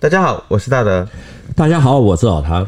大家好，我是大德。大家好，我是老譚。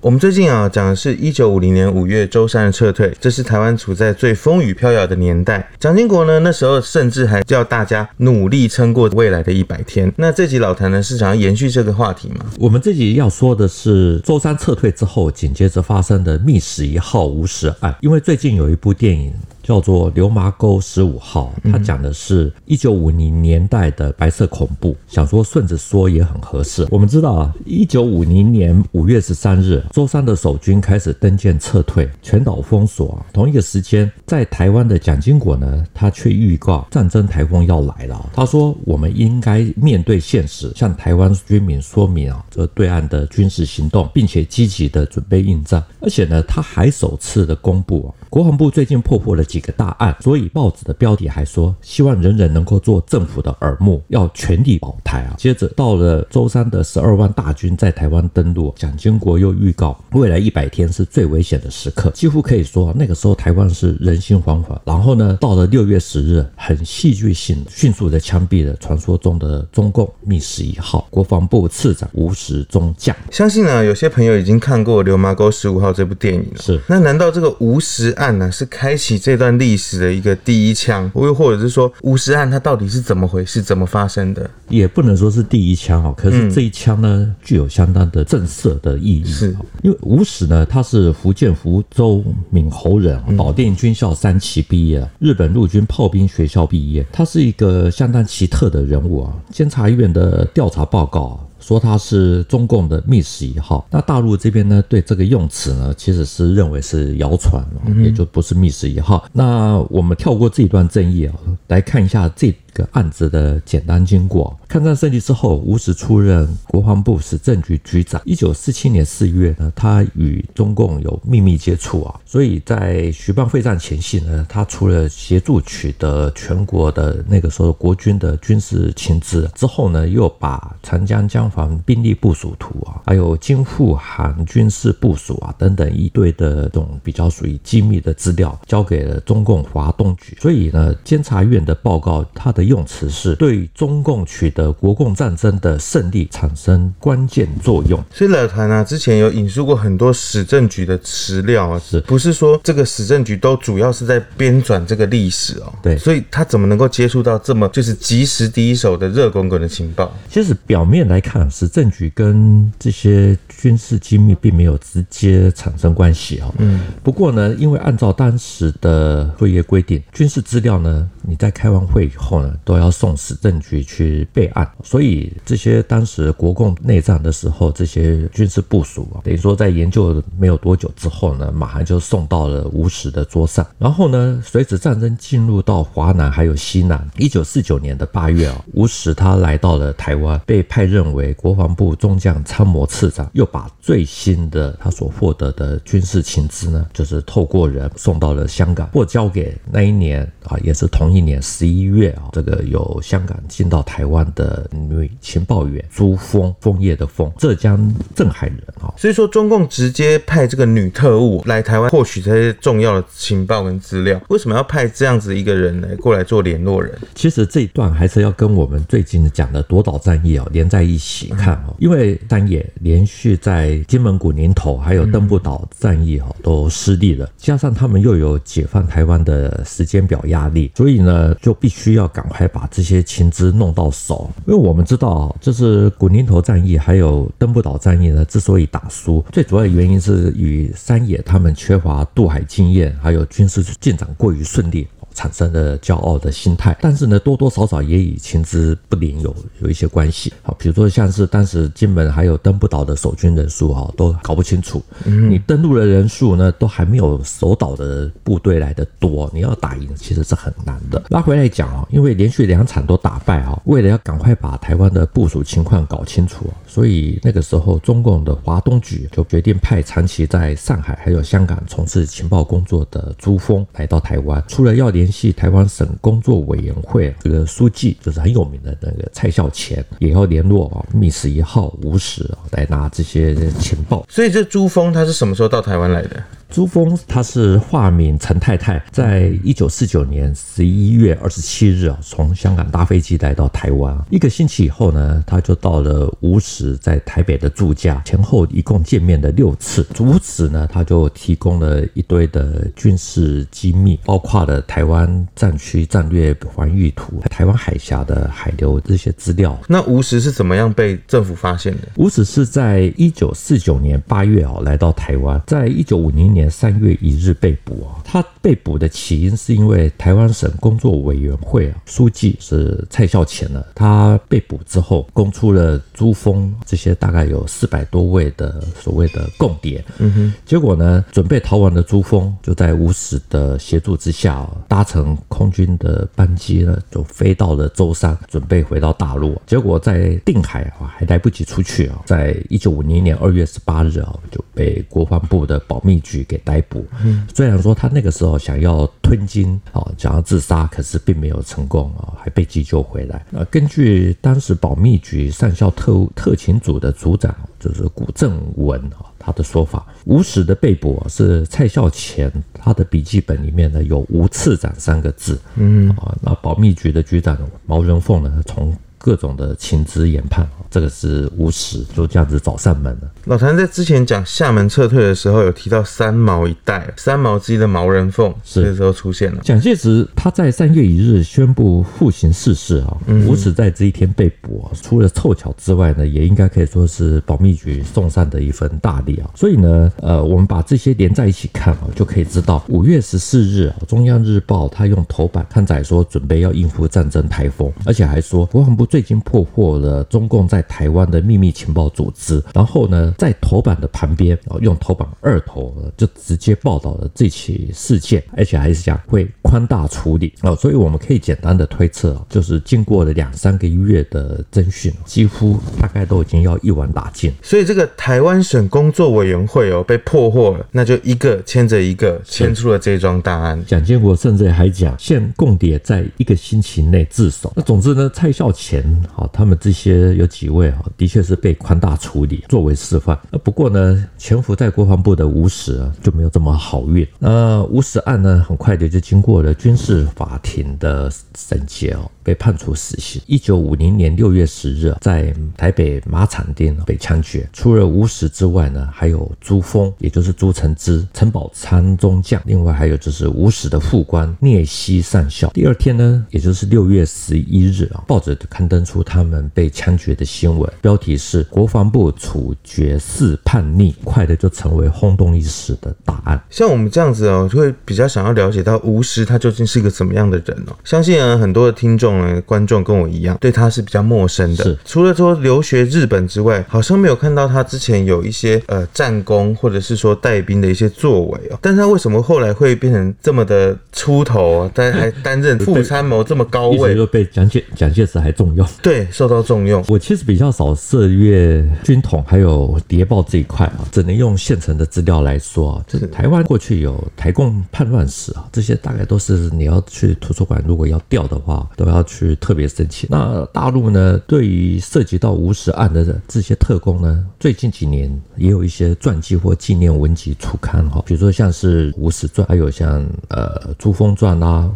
我們最近啊，講的是一九五零年五月舟山的撤退，這是台灣處在最風雨飄搖的年代。蔣經國呢，那時候甚至還叫大家努力撐過未來的一百天。那這集老譚呢是想要延續這個話題嗎？我們這集要說的是舟山撤退之後緊接着發生的密使一號吳石案，因為最近有一部電影。叫做流麻溝十五號，他講的是一九五零年代的白色恐怖、嗯。想說順着說也很合適。我們知道啊，一九五零年五月十三日，舟山的守軍開始登艦撤退，全島封鎖。同一個時間，在台灣的蔣經國呢，他卻預告戰爭台風要來了。他說，我們應該面對現實，向台灣軍民說明啊，這對岸的軍事行動，並且積極的準備應戰。而且呢，他還首次的公布啊，國防部最近破獲了。幾個大案，所以報紙的標題還說，希望人人能夠做政府的耳目，要全力保台啊。接着到了舟山的十二萬大軍在台灣登陸，蔣經國又預告未來一百天是最危險的時刻，幾乎可以說那個時候台灣是人心惶惶。然後呢，到了六月十日，很戲劇性的，迅速的槍斃了傳說中的中共密使一號，國防部次長吳石中將。相信呢、啊，有些朋友已經看過《流麻溝十五號》這部電影了。是，那難道這個吳石案呢，是開啟這段？段歷史的一個第一槍，又或者是說吳石案，它到底是怎麼回事，怎麼發生的？也不能說是第一槍哦，可是這一槍呢、嗯，具有相當的震懾的意義。是，因為吳石呢，他是福建福州閩侯人，保定軍校三期畢業、嗯，日本陸軍炮兵學校畢業，他是一個相當奇特的人物啊。監察院的調查報告。說他是中共的密使一號，那大陸這邊呢，對這個用詞呢，其實是認為是謠傳，也就不是密使一號。那我們跳過這一段爭議啊，來看一下這。個案子的簡單經過。抗戰勝利之後，吳石出任國防部史政局局長。一九四七年四月呢，他與中共有秘密接觸啊，所以在徐蚌會戰前夕呢，他除了協助取得全國的那個時候國軍的軍事情資之後呢，又把長江江防兵力部署圖啊，還有京滬杭軍事部署啊等等一堆的這種比較屬於機密的資料，交給了中共華東局。所以呢，監察院的報告他的，用詞是對中共取得國共戰爭的勝利產生關鍵作用。所以老譚啊，之前有引述過很多史政局的資料，是不是說這個史政局都主要是在編纂這個歷史哦？對，所以他怎麼能夠接觸到這麼就是即時第一手的熱滾滾的情報？其實表面來看，史政局跟這些軍事機密並沒有直接產生關係哦。嗯，不過呢，因為按照當時的會議規定，軍事資料呢，你在開完會以後呢。都要送史政局去備案，所以這些當時國共內戰的時候，這些軍事部署啊，等於說在研究沒有多久之後呢，馬上就送到了吳石的桌上。然後呢，隨着戰爭進入到華南還有西南，一九四九年的八月啊，吳石他來到了台灣，被派任為國防部中將參謀次長，又把最新的他所獲得的軍事情資呢，就是透過人送到了香港，或交給那一年。啊，也是同一年十一月啊，這個有香港進到台灣的女情報員朱楓，楓葉的楓，浙江鎮海人啊，所以說中共直接派這個女特務來台灣獲取這些重要的情報跟資料。為什麼要派這樣子一個人來過來做聯絡人？其實這一段還是要跟我們最近講的奪島戰役哦連在一起看哦，因為三野連續在金門古寧頭還有登步島戰役哈都失利了、嗯，加上他們又有解放台灣的時間表，壓力，所以呢，就必須要趕快把這些情資弄到手。因為我們知道，這、就是古寧頭戰役，還有登步島戰役呢，之所以打輸，最主要的原因是與山野他們缺乏渡海經驗，還有軍事進展過於順利。產生了驕傲的心態，但是呢，多多少少也與情資不靈有有一些關係。好，比如說像是當時金門還有登步島的守軍人數啊，都搞不清楚。你登陸的人數呢，都還沒有守島的部隊來得多，你要打贏其實是很難的。拉回來講啊，因為連續兩場都打敗啊，為了要趕快把台灣的部署情況搞清楚啊。所以那個時候，中共的華東局就決定派長期在上海還有香港從事情報工作的朱峰來到台灣，除了要聯繫台灣省工作委員會這個書記，就是很有名的那個蔡孝乾，也要聯絡啊密使一號吳石、哦，來拿這些情報。所以這朱峰他是什麼時候到台灣來的？朱峰，他是化名陳太太，在一九四九年十一月二十七日啊，從香港搭飛機來到台灣。一個星期以後呢，他就到了吳石在台北的住家，前後一共見面了六次。吳石呢，他就提供了一堆的軍事機密，包括了台灣戰區戰略防禦圖、台灣海峽的海流這些資料。那吳石是怎麼樣被政府發現的？吳石是在一九四九年八月啊，來到台灣，在一九五零年。三月一日被捕啊！他被捕的起因是因為台灣省工作委員會啊，書記是蔡孝乾呢，他被捕之後，供出了朱楓這些大概有四百多位的所謂的共諜。嗯哼，結果呢，準備逃亡的朱楓就在吳石的協助之下，搭乘空軍的班機呢，就飛到了舟山，準備回到大陸。結果在定海啊，還來不及出去啊，在一九五零年二月十八日啊，就被國防部的保密局。給逮捕，雖然說他那個時候想要吞金啊，想要自殺，可是並沒有成功啊，還被急救回來。根據當時保密局上校特務特勤組的組長就是谷正文啊，他的說法，吳石的被捕是蔡孝乾他的筆記本裡面呢有吳次長三個字，嗯啊，那保密局的局長毛人鳳呢從，各種的情資研判，這個是吳石，就這樣子找上門了。老譚在之前講廈門撤退的時候，有提到三毛一戴，三毛之一的毛人鳳，這個時候出現了。蔣介石他在三月一日宣布復行視事啊，吳石在這一天被捕啊。除了湊巧之外呢，也應該可以說是保密局送上的一份大禮啊。所以呢，呃，我們把這些連在一起看啊，就可以知道五月十四日《中央日報》他用頭版刊載說準備要應付戰爭颱風，而且還說我很不。最近破獲了中共在台灣的秘密情報組織，然後呢，在頭版的旁邊，啊，用頭版二頭就直接報道了這起事件，而且還是講會。寬大處理哦，所以我們可以簡單的推測就是經過了兩三個月的偵訊，幾乎大概都已經要一網打盡。所以這個台灣省工作委員會哦被破獲了，那就一個牽着一個牽出了這樁大案。蔣經國甚至還講，現共諜在一個星期內自首。那總之呢，蔡孝乾哦，他們這些有幾位哦，的確是被寬大處理作為示範。那不過呢，潛伏在國防部的吳石啊，就沒有這麼好運。那吳石案呢，很快就就經過了，了軍事法庭的審結哦，被判處死刑。一九五零年六月十日，在台北馬場町、哦、被槍決。除了吳石之外呢，還有朱峰，也就是朱承之，陳寶倉中將。另外還有就是吳石的副官聶曦上校。第二天呢，也就是六月十一日啊、哦，報紙就刊登出他們被槍決的新聞，標題是“國防部處決四叛逆”，快的就成為轟動一時的大案。像我們這樣子哦，就會比較想要了解到吳石他。他究竟是個怎麼樣的人呢、哦？相信啊，很多的聽眾呢，觀眾跟我一樣，對他是比較陌生的。除了說留學日本之外，好像沒有看到他之前有一些呃戰功，或者是說帶兵的一些作為哦。但是他為什麼後來會變成這麼的出頭啊？但還擔任副參謀這麼高位，被蔣介蔣介石還重用。對，受到重用。我其實比較少涉閱軍統還有諜報這一塊啊，只能用現成的資料來說啊。是這台灣過去有台共叛亂史啊，這些大概都是。是你要去圖書館，如果要調的話，都要去特別申請。那大陸呢，對於涉及到吳石案的這些特工呢，最近幾年也有一些傳記或紀念文集出刊。哈，比如說像是《吳石傳》，還有像呃《珠峰傳》啊啦。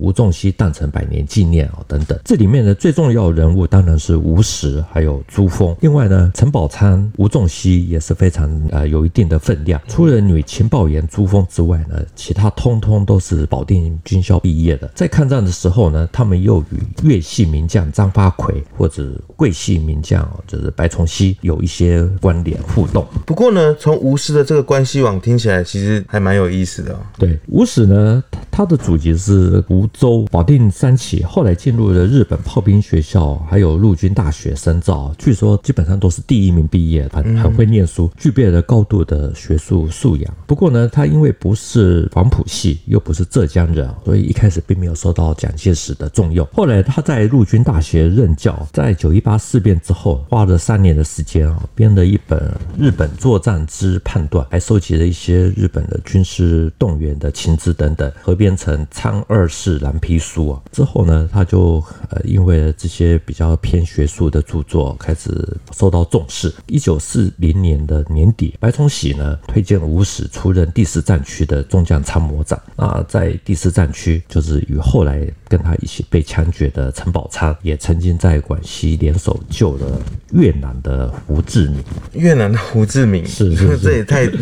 吳仲禧誕辰百年紀念哦，等等，這裡面的最重要人物當然是吳石，還有朱楓。另外呢，陳寶倉、吳仲禧也是非常呃，有一定的分量。除了女情報員朱楓之外呢，其他通通都是保定軍校畢業的。在抗戰的時候呢，他們又與粵系名將張發奎或者桂系名將、哦、就是白崇禧有一些關聯互動。不過呢，從吳石的這個關係網聽起來，其實還蠻有意思的哦。對，吳石呢，他的祖籍是福州、保定三期，後來進入了日本炮兵學校，還有陸軍大學深造。據說基本上都是第一名畢業的，很很會念書，具備了高度的學術素養。不過呢，他因為不是黃埔系，又不是浙江人，所以一開始並沒有受到蔣介石的重用。後來他在陸軍大學任教，在九一八事變之後，花了三年的時間啊，編了一本《日本作戰之判斷》，還收集了一些日本的軍事動員的情資等等，合編成《參二》。是藍皮書啊，之後呢，他就呃因為這些比較偏學術的著作開始受到重視。一九四零年的年底，白崇禧呢推薦了吳石出任第四戰區的中將參謀長。那，在第四戰區，就是與後來。跟他一起被槍決的陳寶倉，也曾經在廣西聯手救了越南的胡志明。越南的胡志明是，不是,是 這也太 太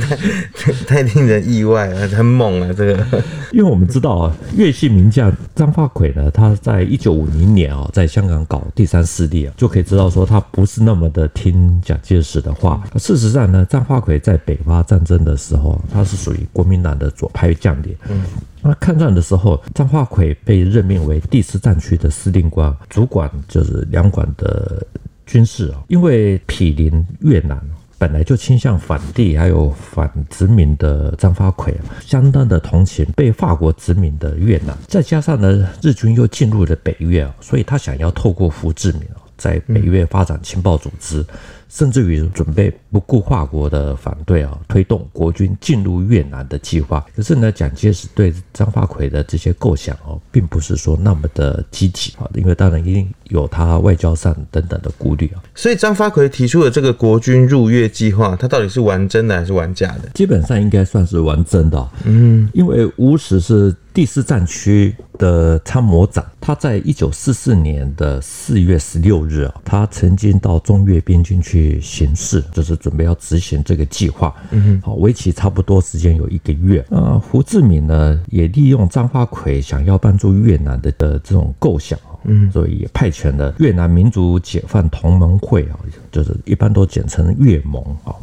太,太令人意外了，很猛啊！這個，因為我們知道啊，粵系名將張發奎呢，他在一九五零年啊、哦，在香港搞第三勢力啊，就可以知道說他不是那麼的聽蔣介石的話。嗯、事實上呢，張發奎在北伐戰爭的時候，他是屬於國民黨的左派將領。嗯。那抗戰的時候，張發奎被任命為第四戰區的司令官，主管就是兩廣的軍事啊。因為毗鄰越南，本來就傾向反帝還有反殖民的張發奎，相當的同情被法國殖民的越南。再加上呢，日軍又進入了北越啊，所以他想要透過胡志明在北越發展情報組織。嗯甚至於準備不顧法國的反對啊，推動國軍進入越南的計劃。可是呢，蔣介石對張發奎的這些構想哦、啊，並不是說那麼的積極啊，因為當然一定有他外交上等等的顧慮啊。所以張發奎提出的這個國軍入越計劃，他到底是玩真的還是玩假的？基本上應該算是玩真的、哦。嗯，因為吳石是第四戰區的參謀長，他在一九四四年的四月十六日啊，他曾經到中越邊境去。去行事，就是準備要執行這個計劃。嗯，好，為期差不多時間有一個月。啊，胡志明呢，也利用張發奎想要幫助越南的的這種構想啊，嗯，所以也派遣了越南民族解放同盟會啊，就是一般都簡稱越盟啊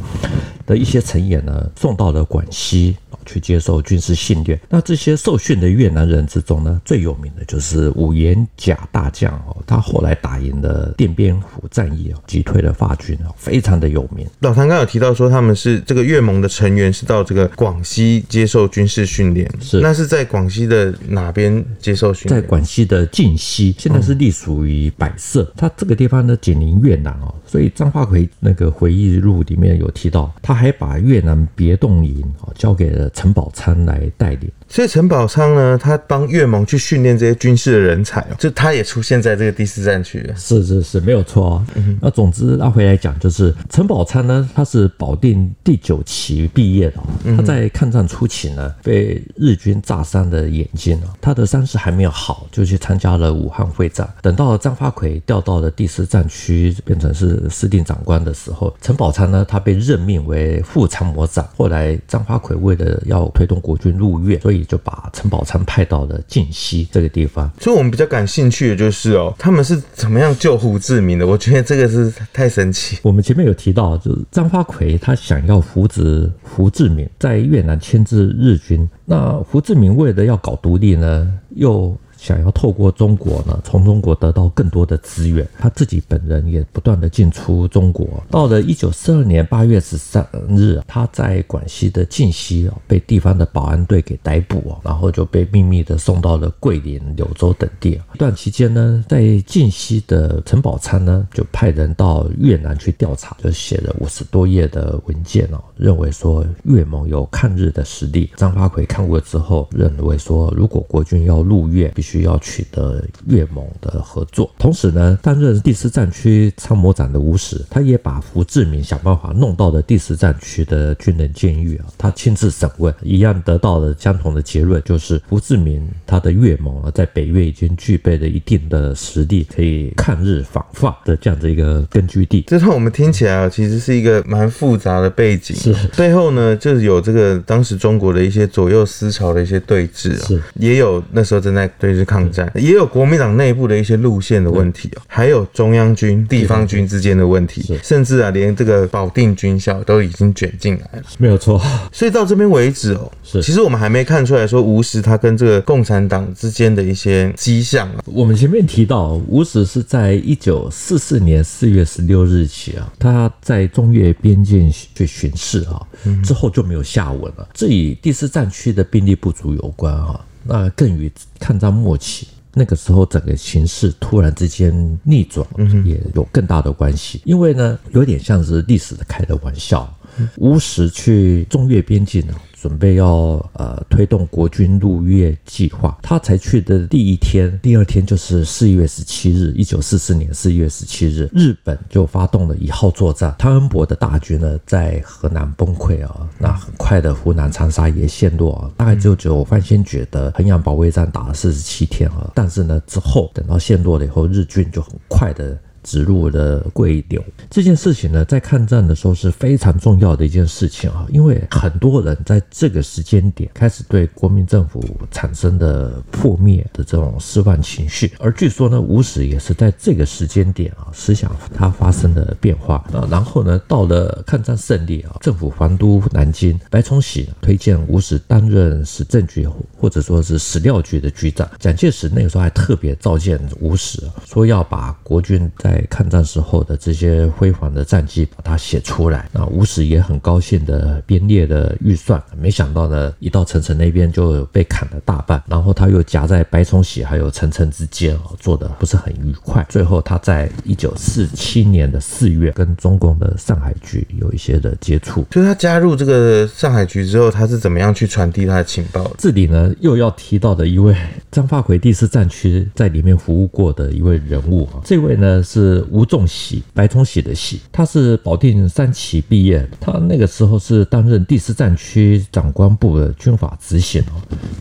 的一些成員呢，送到了廣西。去接受軍事訓練，那這些受訓的越南人之中呢，最有名的就是武元甲大將哦，他後來打贏了奠邊府戰役哦，擊退了法軍哦，非常的有名。老譚剛有提到說，他們是這個越盟的成員，是到這個廣西接受軍事訓練，是那是在廣西的哪邊接受訓練？在廣西的靖西，現在是隸屬於百色。他、嗯、這個地方呢，緊鄰越南哦，所以張發奎那個回憶錄裡面有提到，他還把越南別動營哦，交給了。陳寶倉來帶領。所以陳寶倉呢，他幫越盟去訓練這些軍事的人才哦，就他也出現在這個第四戰區。是是是，沒有錯啊、哦嗯、那總之，拉回來講，就是陳寶倉呢，他是保定第九期畢業的。他在抗戰初期呢，被日軍炸傷的眼睛哦、嗯，他的傷勢還沒有好，就去參加了武漢會戰。等到張發奎調到了第四戰區，變成是司令長官的時候，陳寶倉呢，他被任命為副參謀長。後來張發奎為了要推動國軍入粵，所以就把陳寶倉派到了靖西這個地方。所以，我們比較感興趣的，就是哦，他們是怎麼樣救胡志明的？我覺得這個是太神奇。我們前面有提到，就是張發奎他想要扶植胡志明在越南牽制日軍。那胡志明為了要搞獨立呢，又。想要透過中國呢，從中國得到更多的資源。他自己本人也不斷的進出中國。到了一九四二年八月十三日，他在廣西的靖西被地方的保安隊給逮捕，然後就被秘密的送到了桂林、柳州等地。這段期間呢，在靖西的陳寶昌呢，就派人到越南去調查，就寫了五十多頁的文件哦，認為說越盟有抗日的實力。張發奎看過之後，認為說如果國軍要入越，必須。需要取得越盟的合作，同時呢，擔任第四戰區參謀長的吳石，他也把胡志明想辦法弄到了第四戰區的軍人監獄啊，他親自審問，一樣得到了相同的結論，就是胡志明他的越盟啊，在北越已經具備了一定的實力，可以抗日反法的這樣的一個根據地。這讓我們聽起來啊，其實是一個蠻複雜的背景。是，最後呢，就是有這個當時中國的一些左右思潮的一些對峙啊，是，也有那時候正在對峙。抗戰也有國民黨內部的一些路線的問題，還有中央軍、地方軍之間的問題，甚至啊，連這個保定軍校都已經捲進來了，沒有錯。所以到這邊為止哦、喔，是其實我們還沒看出來說吳石他跟這個共產黨之間的一些跡象啊。我們前面提到，吳石是在一九四四年四月十六日起啊，他在中越邊境去巡視啊、嗯，之後就沒有下文了。這與第四戰區的兵力不足有關、啊那更與抗戰末期，那個時候整個形勢突然之間逆轉、嗯、也有更大的關係，因為呢，有點像是歷史的開的玩笑。吳石去中越邊境，準備要呃推動國軍入越計劃。他才去的第一天，第二天就是四月十七日，一九四四年四月十七日，日本就發動了一號作戰。湯恩伯的大軍呢，在河南崩潰啊，那很快的湖南長沙也陷落啊。大概只有方先覺的衡陽保衛戰打了四十七天啊，但是呢之後等到陷落了以後，日軍就很快的。植入的貴一這件事情呢，在抗戰的時候是非常重要的一件事情啊，因為很多人在這個時間點開始對國民政府產生的破滅的這種失望情緒，而據說呢，吳石也是在這個時間點啊，思想他發生了變化啊，然後呢，到了抗戰勝利啊，政府還都南京，白崇禧呢，推薦吳石擔任史政局或者說是史料局的局長，蔣介石那個時候還特別召見吳石啊，說要把國軍在在抗戰時候的這些輝煌的戰績，把它寫出來。那吳石也很高興的編列的預算，沒想到呢，一到陳誠那邊就被砍了大半。然後他又夾在白崇禧還有陳誠之間啊，做的不是很愉快。最後他在一九四七年的四月，跟中共的上海局有一些的接觸。就他加入這個上海局之後，他是怎麼樣去傳遞他的情報的？這裡呢，又要提到的一位張發奎第四戰區在裡面服務過的一位人物啊，這位呢是。是吳仲禧、白崇禧的禧，他是保定三期畢業，他那個時候是擔任第四戰區長官部的軍法執行，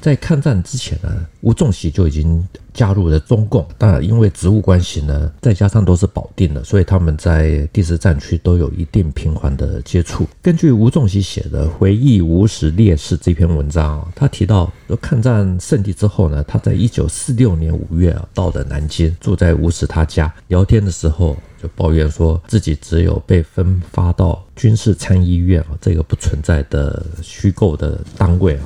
在抗戰之前呢，吳仲禧就已經加入了中共，當然，因為職務關係呢，再加上都是保定的，所以他們在第四戰區都有一定頻繁的接觸。根據吳仲禧寫的《回憶吳石烈士》這篇文章，他提到抗戰勝利之後呢，他在一九四六年五月啊，到了南京，住在吳石他家，聊天的時候就抱怨說自己只有被分發到軍事參議院啊，這個不存在的虛構的單位啊，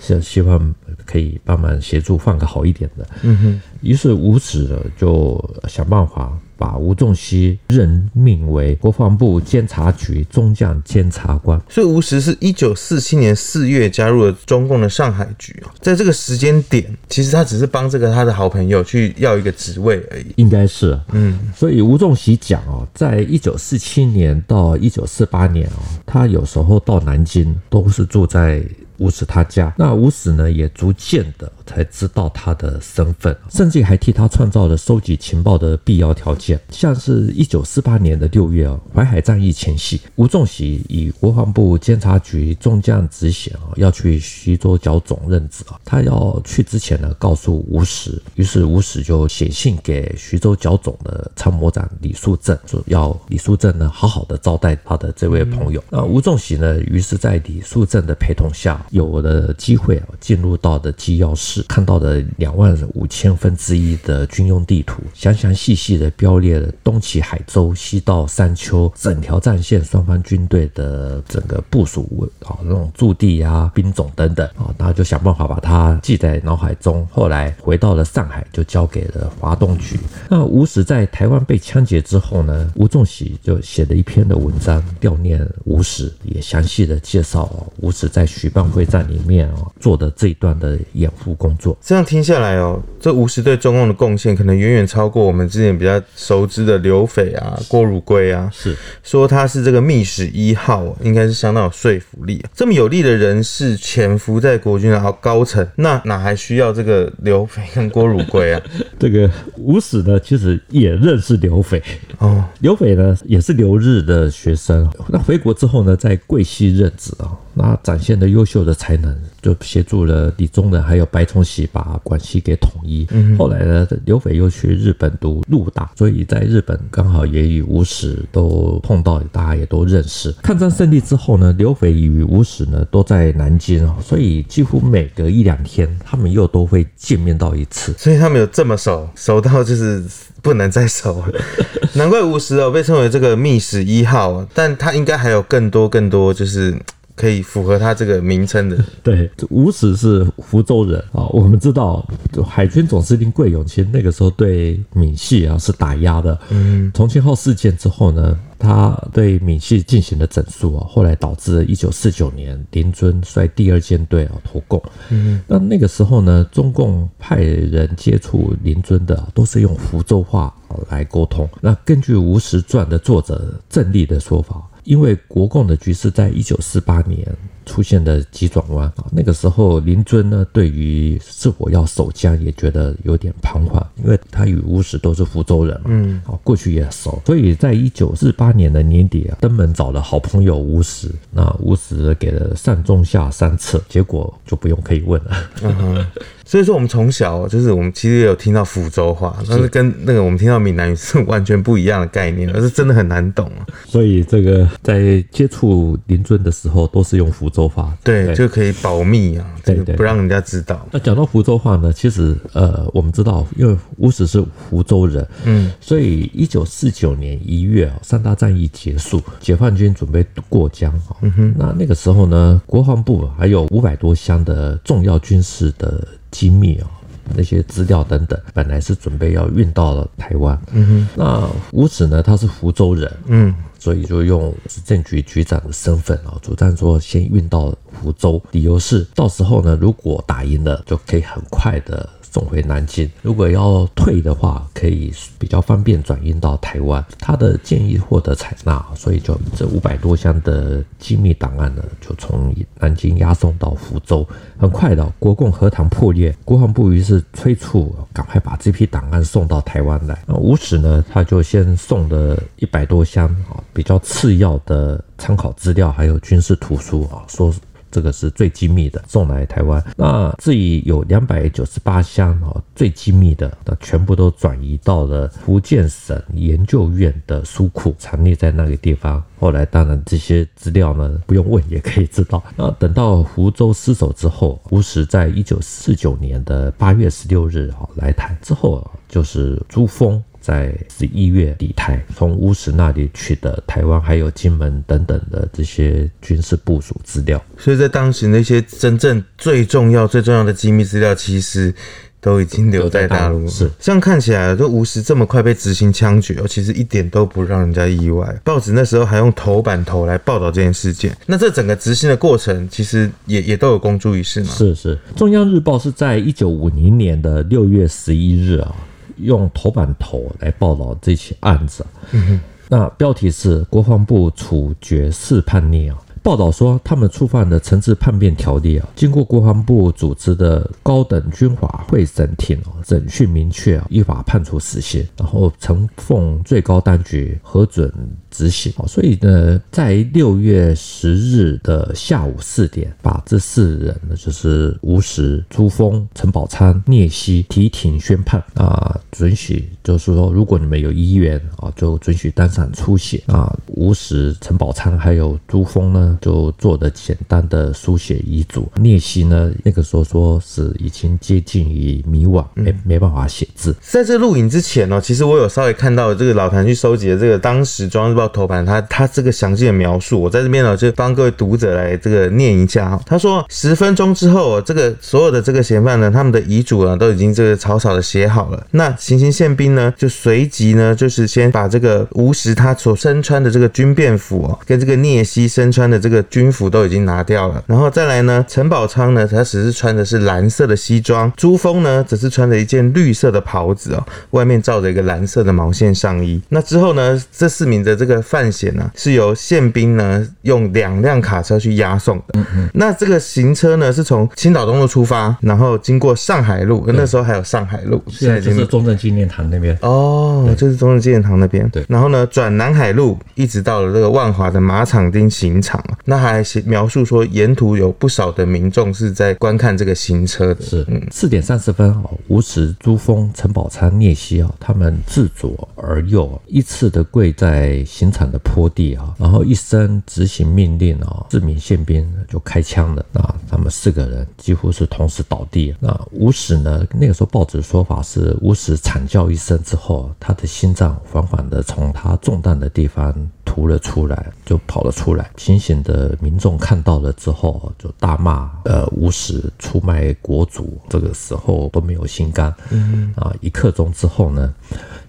是希望。可以幫忙協助放個好一點的，嗯哼。於是吳石就想辦法把吳仲禧任命為國防部監察局中將監察官。所以吳石是一九四七年四月加入了中共的上海局啊。在這個時間點，其實他只是幫這個他的好朋友去要一個職位而已，應該是。嗯。所以吳仲禧講哦，在一九四七年到一九四八年哦，他有時候到南京都是住在吳石他家，那吳石呢，也逐漸的。才知道他的身份，甚至還替他創造了收集情報的必要條件。像是一九四八年的六月啊，淮海戰役前夕，吳仲禧以國防部監察局中將職銜啊，要去徐州剿總任職啊。他要去之前呢，告訴吳石，於是吳石就寫信給徐州剿總的參謀長李樹正說，要李樹正呢好好的招待他的這位朋友。嗯、那吳仲禧呢，於是在李樹正的陪同下，有了機會啊，進入到的機要室。看到的兩萬五千分之一的軍用地圖，詳詳細細的標列了東起海州，西到山丘，整條戰線雙方軍隊的整個部署啊，那種駐地啊、兵種等等啊，那就想辦法把它記在腦海中。後來回到了上海，就交給了華東局。那吳石在台灣被槍決之後呢，吳仲禧就寫了一篇的文章悼念吳石，也詳細的介紹吳石在徐蚌會戰裡面做的這一段的掩護工工作這樣聽下來哦，這吳石對中共的貢獻可能遠遠超過我們之前比較熟知的劉斐啊、郭汝瑰啊。是說他是這個密使一號，應該是相當有說服力。這麼有力的人士潛伏在國軍然後高層，那哪還需要這個劉斐跟郭汝瑰啊？這個吳石呢，其實也認識劉斐哦。劉斐呢，也是留日的學生，那回國之後呢，在桂系任職啊，那展現的優秀的才能，就協助了李宗仁，還有白頭。東西把廣西給統一，後來呢，劉斐又去日本讀陸大，所以在日本剛好也與吳石都碰到，大家也都認識。抗戰勝利之後呢，劉斐與吳石呢都在南京啊，所以幾乎每隔一兩天，他們又都會見面到一次，所以他們有這麼熟，熟到就是不能再熟了。 難怪吳石哦被稱為這個密使一號，但他應該還有更多更多就是。可以符合他這個名稱的，對，吳石是福州人啊。我們知道，海軍總司令桂永清那個時候對閩系啊是打壓的。嗯，重慶號事件之後呢，他對閩系進行了整肅啊，後來導致一九四九年林遵率第二艦隊啊投共。嗯，那那個時候呢，中共派人接觸林遵的，都是用福州話來溝通。那根據《吳石傳》的作者鄭麗的說法。因為國共的局勢在一九四八年，出現的急轉彎啊，那個時候林尊呢，對於是否要守家也覺得有點彷徨，因為他與吳石都是福州人嘛，嗯，過去也熟，所以在一九四八年的年底啊，登門找了好朋友吳石，那吳石給了上中下三策，結果就不用可以問了。嗯 所以說我們從小就是我們其實也有聽到福州話，但是跟那個我們聽到閩南語是完全不一樣的概念，嗯，而是真的很難懂啊。所以這個在接觸林尊的時候，都是用福州。.做法對，對就可以保密啊，對，對，對、這個、不讓人家知道。那講到福州話呢，其實呃，我們知道，因為吳石是福州人，嗯，所以一九四九年一月啊、哦，三大戰役結束，解放軍準備過江、哦、嗯哼，那那個時候呢，國防部還有五百多箱的重要軍事的機密啊、哦，那些資料等等，本來是準備要運到了台灣，嗯哼，那吳石呢，他是福州人，嗯。所以就用政局局長的身份啊，主張說先運到福州，理由是到時候呢，如果打贏了，就可以很快的送回南京；如果要退的話，可以比較方便轉運到台灣。他的建議獲得採納，所以就這五百多箱的機密檔案呢，就從南京押送到福州。很快的，國共和談破裂，國防部於是催促趕快把這批檔案送到台灣來。那吳石呢，他就先送了一百多箱啊，比較次要的參考資料，還有軍事圖書啊，說。這個是最機密的，送來台灣。那至於有兩百九十八箱啊，最機密的，那全部都轉移到了福建省研究院的書庫，藏匿在那個地方。後來，當然這些資料呢，不用問也可以知道。那等到福州失守之後，吳石在一九四九年的八月十六日啊，來台之後，就是朱楓，在十一月底台，台從吳石那裡取得台灣還有金門等等的這些軍事部署資料，所以在當時那些真正最重要、最重要的機密資料，其實都已經留在大陸。是這樣看起來，這吳石這麼快被執行槍決，哦，其實一點都不讓人家意外。報紙那時候還用頭版頭來報道這件事件。那這整個執行的過程，其實也也都有公諸於世嘛？是是，中央日報是在一九五零年的六月十一日啊、哦。用頭版頭來報道這起案子，嗯哼，那標題是“國防部處決四叛逆”啊。報道說，他們觸犯的《懲治叛變條例》啊，經過國防部組織的高等軍法會審庭哦，審訊明確啊，依法判處死刑，然後呈奉最高當局核准執行。好、哦，所以呢，在六月十日的下午四點，把這四人呢，就是吳石、朱峰、陳寶倉、聶曦提請宣判啊，准許就是說，如果你們有意願啊，就准許當場出血啊。吳石、陳寶倉還有朱峰呢，就做的簡單的書寫遺囑，聶曦呢那個時候說是已經接近於迷惘，沒沒辦法寫字。在這錄影之前呢、哦，其實我有稍微看到這個老譚去收集的這個當時《中央日報》頭版，他他這個詳細的描述，我在這邊呢就幫各位讀者來這個念一下。他說，十分鐘之後，這個所有的這個嫌犯呢，他們的遺囑呢，都已經這個草草的寫好了。那行刑憲兵呢，就隨即呢，就是先把這個吳石他所身穿的這個軍便服哦，跟這個聶曦身穿的。這個軍服都已經拿掉了，然後再來呢，陳寶倉呢，他只是穿的是藍色的西裝，朱楓呢只是穿着一件綠色的袍子哦，外面罩着一個藍色的毛線上衣。那之後呢，這四名的這個犯嫌呢、啊，是由憲兵呢用兩輛卡車去押送的。嗯,嗯那這個行車呢是從青島東路出發，然後經過上海路，那時候還有上海路，現在就是中正紀念堂那邊。哦，就是中正紀念堂那邊。對。然後呢，轉南海路，一直到了這個萬華的馬場町刑場。那還描述說，沿途有不少的民眾是在觀看這個行車的、嗯。是，四點三十分，哦，吳石、朱楓、陳寶倉、聶曦啊，他們自左而右依次的跪在刑場的坡地啊，然後一聲執行命令啊，四名憲兵就開槍了。那他們四個人幾乎是同時倒地。那吳石呢，那個時候報紙說法是，吳石慘叫一聲之後，他的心臟緩緩的從他中彈的地方。吐了出來，就跑了出來。清醒的民眾看到了之後，就大罵：“呃，無恥，出賣國主”。這個時候都沒有心肝。嗯啊，一刻鐘之後呢，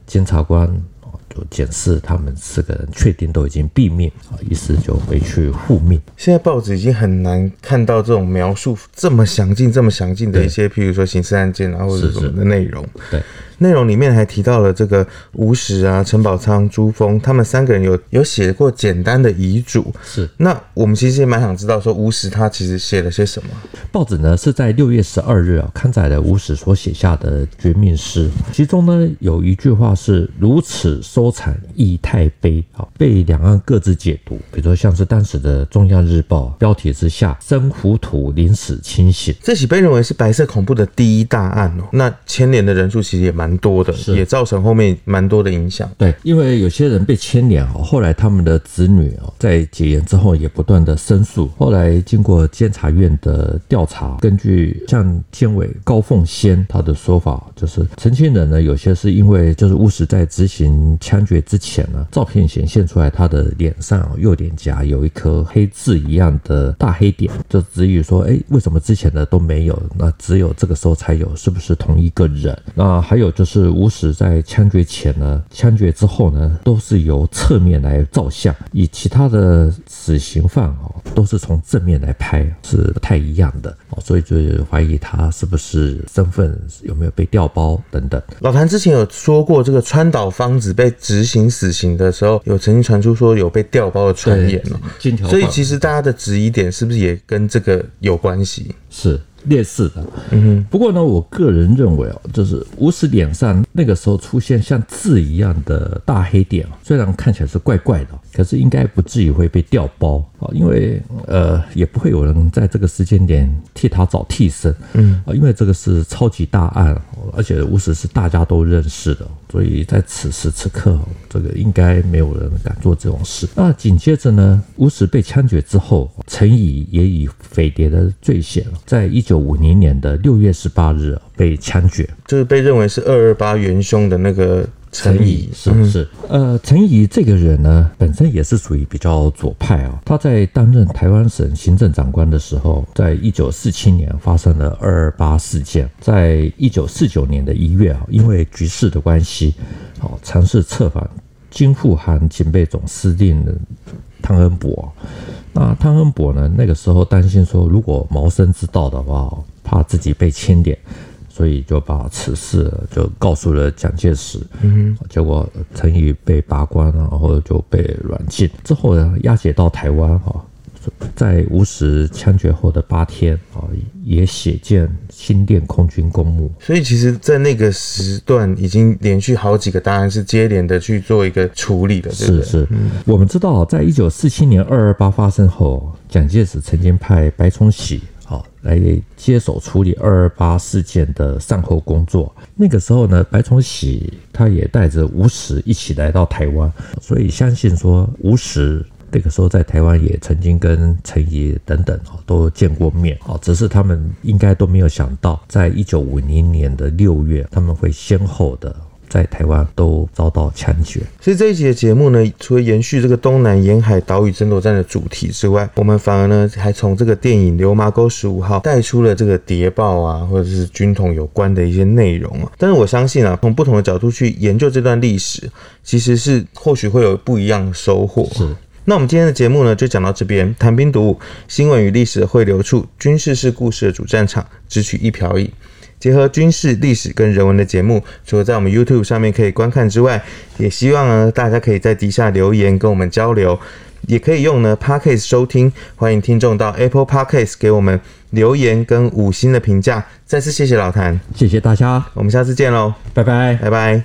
檢察官就檢視他們四個人，確定都已經斃命，於是就回去復命。現在報紙已經很難看到這種描述這麼詳盡、這麼詳盡的一些，譬如說刑事案件啊，或者什麼的內容。是是。對。內容裡面還提到了這個吳石啊、陳寶倉、朱峰，他們三個人有有寫過簡單的遺囑。是，那我們其實也蠻想知道說吳石他其實寫了些什麼。報紙呢是在六月十二日啊，刊載了吳石所寫下的絕命詩，其中呢有一句話是“如此收場亦太悲”，好，被兩岸各自解讀。比如說像是當時的《中央日報》標題之下“生糊塗，臨死清醒”，這起被認為是白色恐怖的第一大案哦。那牽連的人數其實也蠻。蠻多的，也造成後面蠻多的影響。對，因為有些人被牽連哦，後來他們的子女哦，在解嚴之後也不斷的申訴。後來經過監察院的調查，根據像監委高鳳仙他的說法，就是陳情人呢，有些是因為就是吳石在執行槍決之前呢，照片顯現出來他的臉上右臉頰有一顆黑痣一樣的大黑點，就質疑說，哎、欸，為什麼之前的都沒有，那只有這個時候才有，是不是同一個人？那還有。就是吳石在槍決前呢，槍決之後呢，都是由側面來照相，以其他的死刑犯哦、喔，都是從正面來拍，是不太一樣的哦，所以就懷疑他是不是身份有沒有被調包等等。老譚之前有說過，這個川島芳子被執行死刑的時候，有曾經傳出說有被調包的傳言哦、喔，所以其實大家的質疑點是不是也跟這個有關係？是。劣勢的，嗯哼，不過呢，我個人認為哦，就是吳石臉上那個時候出現像痣一樣的大黑點，雖然看起來是怪怪的，可是應該不至於會被掉包啊，因為呃也不會有人在這個時間點替他找替身，嗯啊，因為這個是超級大案，而且吳石是大家都認識的。所以，在此時此刻，這個應該沒有人敢做這種事。那緊接着呢，吳石被槍決之後，陳儀也以匪諜的罪嫌，在一九五零年的六月十八日被槍決，就是被認為是二二八元兇的那個。陳儀是不是？嗯、呃，陳儀這個人呢，本身也是屬於比較左派啊。他在擔任台灣省行政長官的時候，在一九四七年發生了二二八事件，在一九四九年的一月啊，因為局勢的關係，哦、啊，嘗試策反京滬杭警備總司令的湯恩伯。那湯恩伯呢，那個時候擔心說，如果毛森知道的話，怕自己被牽連。所以就把此事就告訴了蔣介石，嗯、哼，結果陳儀被罷官，然後就被軟禁，之後呢押解到台灣哈，在吳石槍決後的八天啊，也血濺新店空軍公墓。所以其實，在那個時段，已經連續好幾個答案是接連的去做一個處理的，是是。嗯、我們知道，在一九四七年二二八發生後，蔣介石曾經派白崇禧。來接手處理二二八事件的善後工作。那個時候呢，白崇禧他也帶着吳石一起來到台灣，所以相信說吳石那個時候在台灣也曾經跟陳儀等等啊都見過面啊，只是他們應該都沒有想到，在一九五零年的六月，他們會先後的。在台灣都遭到槍決。所以這一集的節目呢，除了延續這個東南沿海島嶼爭奪戰的主題之外，我們反而呢還從這個電影《流麻溝十五號》帶出了這個諜報啊，或者是軍統有關的一些內容啊。但是我相信啊，從不同的角度去研究這段歷史，其實是或許會有不一樣的收穫。是。那我們今天的節目呢，就講到這邊。譚兵讀武，新聞與歷史的匯流處，軍事是故事的主戰場，只取一瓢飲。結合軍事、歷史跟人文的節目，除了在我們 YouTube 上面可以觀看之外，也希望呢大家可以在底下留言跟我們交流，也可以用呢 Podcast 收聽。歡迎聽眾到 Apple Podcast 給我們留言跟五星的評價。再次謝謝老譚，謝謝大家，我們下次見嘍，拜拜，拜拜。